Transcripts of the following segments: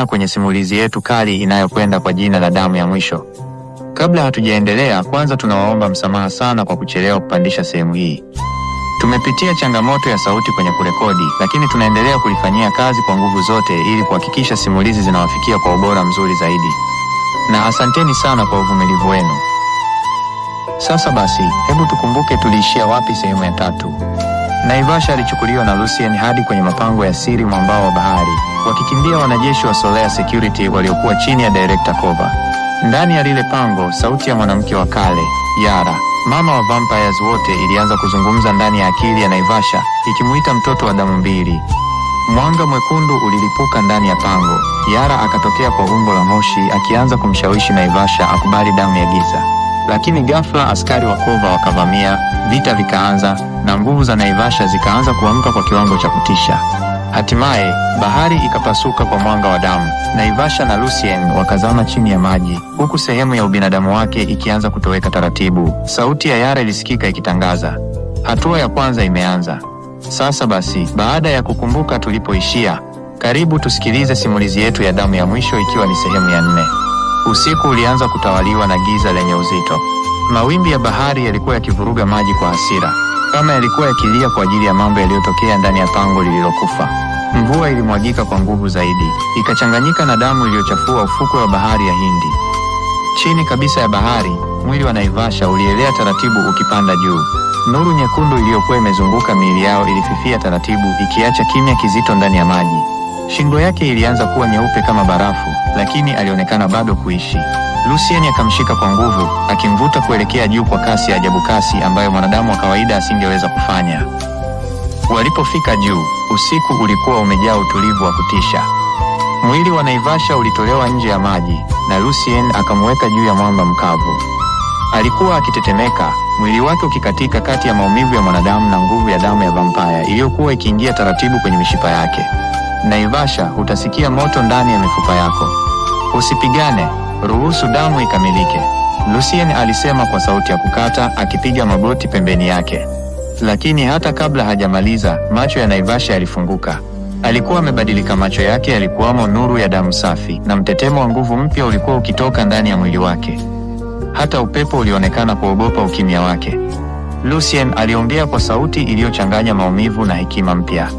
na kwenye simulizi yetu kali inayokwenda kwa jina la Damu ya Mwisho. Kabla hatujaendelea, kwanza tunawaomba msamaha sana kwa kuchelewa kupandisha sehemu hii. Tumepitia changamoto ya sauti kwenye kurekodi, lakini tunaendelea kulifanyia kazi kwa nguvu zote ili kuhakikisha simulizi zinawafikia kwa ubora mzuri zaidi, na asanteni sana kwa uvumilivu wenu. Sasa basi, hebu tukumbuke tuliishia wapi sehemu ya tatu. Naivasha alichukuliwa na Lucien hadi kwenye mapango ya siri mwambao wa bahari, wakikimbia wanajeshi wa Solea Security waliokuwa chini ya Director Kova. Ndani ya lile pango, sauti ya mwanamke wa kale, Yara, mama wa vampires wote, ilianza kuzungumza ndani ya akili ya Naivasha, ikimuita mtoto wa damu mbili. Mwanga mwekundu ulilipuka ndani ya pango. Yara akatokea kwa umbo la moshi, akianza kumshawishi Naivasha akubali damu ya giza lakini ghafla askari wa Kova wakavamia, vita vikaanza na nguvu za Naivasha zikaanza kuamka kwa kiwango cha kutisha. Hatimaye bahari ikapasuka kwa mwanga wa damu. Naivasha na Lucien wakazama chini ya maji, huku sehemu ya ubinadamu wake ikianza kutoweka taratibu. Sauti ya Yara ilisikika ikitangaza, hatua ya kwanza imeanza. Sasa basi, baada ya kukumbuka tulipoishia, karibu tusikilize simulizi yetu ya Damu ya Mwisho, ikiwa ni sehemu ya nne. Usiku ulianza kutawaliwa na giza lenye uzito. Mawimbi ya bahari yalikuwa yakivuruga maji kwa hasira, kama yalikuwa yakilia kwa ajili ya mambo yaliyotokea ndani ya pango lililokufa. Mvua ilimwagika kwa nguvu zaidi, ikachanganyika na damu iliyochafua ufukwe wa bahari ya Hindi. Chini kabisa ya bahari, mwili wa Naivasha ulielea taratibu ukipanda juu. Nuru nyekundu iliyokuwa imezunguka miili yao ilififia taratibu, ikiacha kimya kizito ndani ya maji. Shingo yake ilianza kuwa nyeupe kama barafu, lakini alionekana bado kuishi. Lucien akamshika kwa nguvu, akimvuta kuelekea juu kwa kasi ya ajabu, kasi ambayo mwanadamu wa kawaida asingeweza kufanya. Walipofika juu, usiku ulikuwa umejaa utulivu wa kutisha. Mwili wa Naivasha ulitolewa nje ya maji na Lucien akamweka juu ya mwamba mkavu. Alikuwa akitetemeka, mwili wake ukikatika kati ya maumivu ya mwanadamu na nguvu ya damu ya vampaya iliyokuwa ikiingia taratibu kwenye mishipa yake. Naivasha, utasikia moto ndani ya mifupa yako. Usipigane, ruhusu damu ikamilike, Lucien alisema kwa sauti ya kukata, akipiga magoti pembeni yake. Lakini hata kabla hajamaliza, macho ya Naivasha yalifunguka. Alikuwa amebadilika. Macho yake yalikuwamo nuru ya damu safi, na mtetemo wa nguvu mpya ulikuwa ukitoka ndani ya mwili wake. Hata upepo ulionekana kuogopa ukimya wake. Lucien aliongea kwa sauti iliyochanganya maumivu na hekima mpya.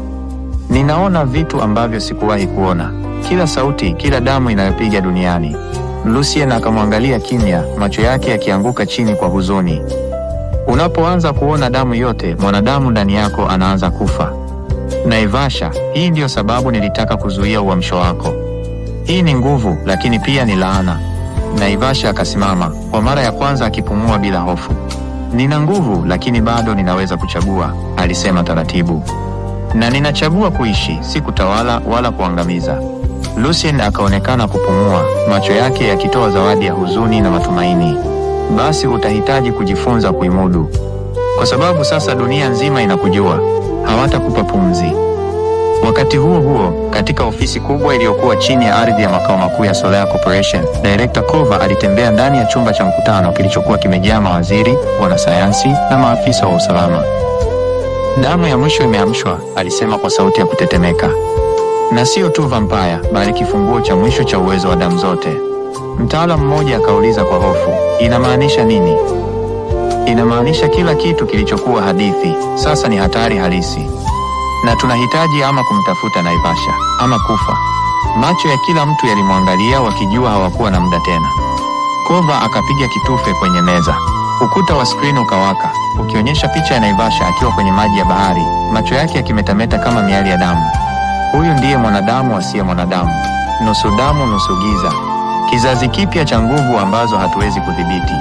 Ninaona vitu ambavyo sikuwahi kuona, kila sauti, kila damu inayopiga duniani. Lucien akamwangalia kimya, macho yake yakianguka chini kwa huzuni. Unapoanza kuona damu yote, mwanadamu ndani yako anaanza kufa. Naivasha, hii ndiyo sababu nilitaka kuzuia uamsho wako. Hii ni nguvu, lakini pia ni laana. Naivasha akasimama kwa mara ya kwanza, akipumua bila hofu. Nina nguvu, lakini bado ninaweza kuchagua, alisema taratibu na ninachagua kuishi, si kutawala wala kuangamiza. Lucien akaonekana kupumua, macho yake yakitoa zawadi ya huzuni na matumaini. Basi utahitaji kujifunza kuimudu, kwa sababu sasa dunia nzima inakujua, hawatakupa pumzi. Wakati huo huo, katika ofisi kubwa iliyokuwa chini ya ardhi ya makao makuu ya Solea Corporation, Director Kova alitembea ndani ya chumba cha mkutano kilichokuwa kimejaa mawaziri, wanasayansi na maafisa wa usalama. Damu ya mwisho imeamshwa, alisema kwa sauti ya kutetemeka, na sio tu vampaya, bali kifunguo cha mwisho cha uwezo wa damu zote. Mtaalamu mmoja akauliza kwa hofu, inamaanisha nini? Inamaanisha kila kitu kilichokuwa hadithi sasa ni hatari halisi, na tunahitaji ama kumtafuta Naivasha ama kufa. Macho ya kila mtu yalimwangalia, wakijua hawakuwa na muda tena. Kova akapiga kitufe kwenye meza. Ukuta wa skrini ukawaka ukionyesha picha ya Naivasha akiwa kwenye maji ya bahari, macho yake yakimetameta kama miali ya damu. Huyu ndiye mwanadamu asiye mwanadamu, nusu damu nusu giza, kizazi kipya cha nguvu ambazo hatuwezi kudhibiti.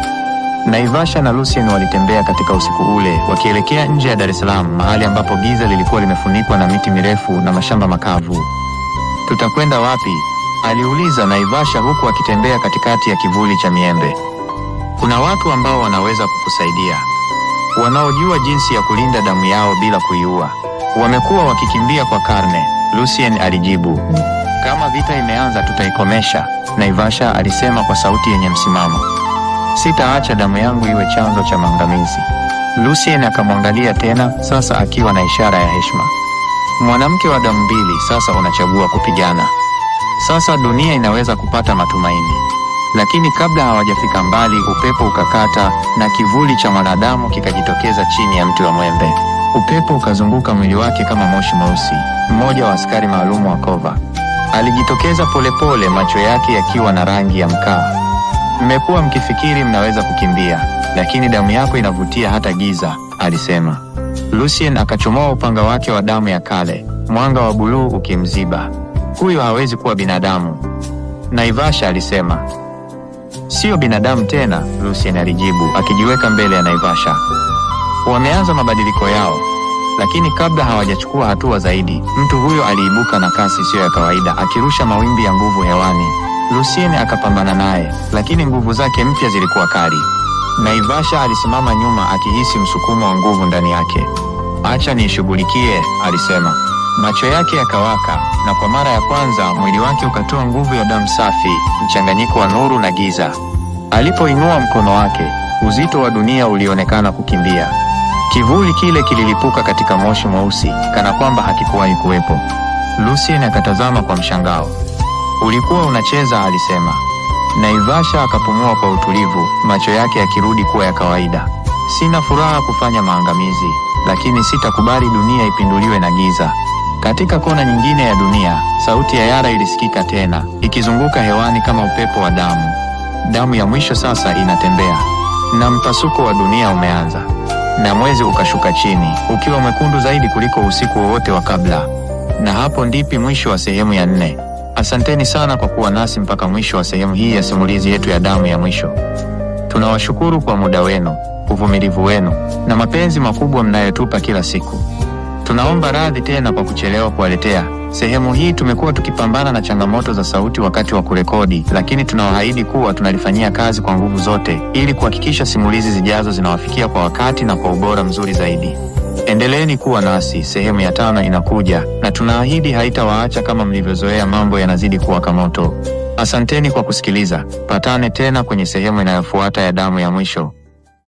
Naivasha na Lucien walitembea katika usiku ule wakielekea nje ya Dar es Salaam, mahali ambapo giza lilikuwa limefunikwa na miti mirefu na mashamba makavu. Tutakwenda wapi? aliuliza Naivasha huku akitembea katikati ya kivuli cha miembe. Kuna watu ambao wanaweza kukusaidia, wanaojua jinsi ya kulinda damu yao bila kuiua. Wamekuwa wakikimbia kwa karne, Lucien alijibu. Kama vita imeanza, tutaikomesha, Naivasha alisema kwa sauti yenye msimamo. Sitaacha damu yangu iwe chanzo cha maangamizi. Lucien akamwangalia tena, sasa akiwa na ishara ya heshima. Mwanamke wa damu mbili, sasa unachagua kupigana. Sasa dunia inaweza kupata matumaini lakini kabla hawajafika mbali, upepo ukakata na kivuli cha mwanadamu kikajitokeza chini ya mti wa mwembe. Upepo ukazunguka mwili wake kama moshi mweusi. Mmoja wa askari maalumu wa kova alijitokeza polepole, macho yake yakiwa na rangi ya mkaa. Mmekuwa mkifikiri mnaweza kukimbia, lakini damu yako inavutia hata giza, alisema. Lucien akachomoa upanga wake wa damu ya kale, mwanga wa buluu ukimziba. Huyo hawezi kuwa binadamu, Naivasha alisema. Siyo binadamu tena, Lucien alijibu akijiweka mbele ya Naivasha. Wameanza mabadiliko yao, lakini kabla hawajachukua hatua zaidi, mtu huyo aliibuka na kasi siyo ya kawaida, akirusha mawimbi ya nguvu hewani. Lucien akapambana naye, lakini nguvu zake mpya zilikuwa kali. Naivasha alisimama nyuma, akihisi msukumo wa nguvu ndani yake. Acha niishughulikie, alisema, macho yake yakawaka na kwa mara ya kwanza mwili wake ukatoa nguvu ya damu safi, mchanganyiko wa nuru na giza. Alipoinua mkono wake, uzito wa dunia ulionekana kukimbia. Kivuli kile kililipuka katika moshi mweusi, kana kwamba hakikuwahi kuwepo. Lucien akatazama kwa mshangao. Ulikuwa unacheza, alisema. Naivasha akapumua kwa utulivu, macho yake yakirudi kuwa ya kawaida. Sina furaha kufanya maangamizi, lakini sitakubali dunia ipinduliwe na giza. Katika kona nyingine ya dunia, sauti ya Yara ilisikika tena, ikizunguka hewani kama upepo wa damu. Damu ya mwisho sasa inatembea, na mpasuko wa dunia umeanza. Na mwezi ukashuka chini, ukiwa mwekundu zaidi kuliko usiku wowote wa kabla. Na hapo ndipi mwisho wa sehemu ya nne. Asanteni sana kwa kuwa nasi mpaka mwisho wa sehemu hii ya simulizi yetu ya Damu ya Mwisho. Tunawashukuru kwa muda wenu, uvumilivu wenu na mapenzi makubwa mnayotupa kila siku. Tunaomba radhi tena kwa kuchelewa kuwaletea sehemu hii. Tumekuwa tukipambana na changamoto za sauti wakati wa kurekodi, lakini tunawaahidi kuwa tunalifanyia kazi kwa nguvu zote ili kuhakikisha simulizi zijazo zinawafikia kwa wakati na kwa ubora mzuri zaidi. Endeleeni kuwa nasi, sehemu ya tano inakuja na tunaahidi haitawaacha kama mlivyozoea. Mambo yanazidi kuwaka moto. Asanteni kwa kusikiliza. Patane tena kwenye sehemu inayofuata ya Damu ya Mwisho.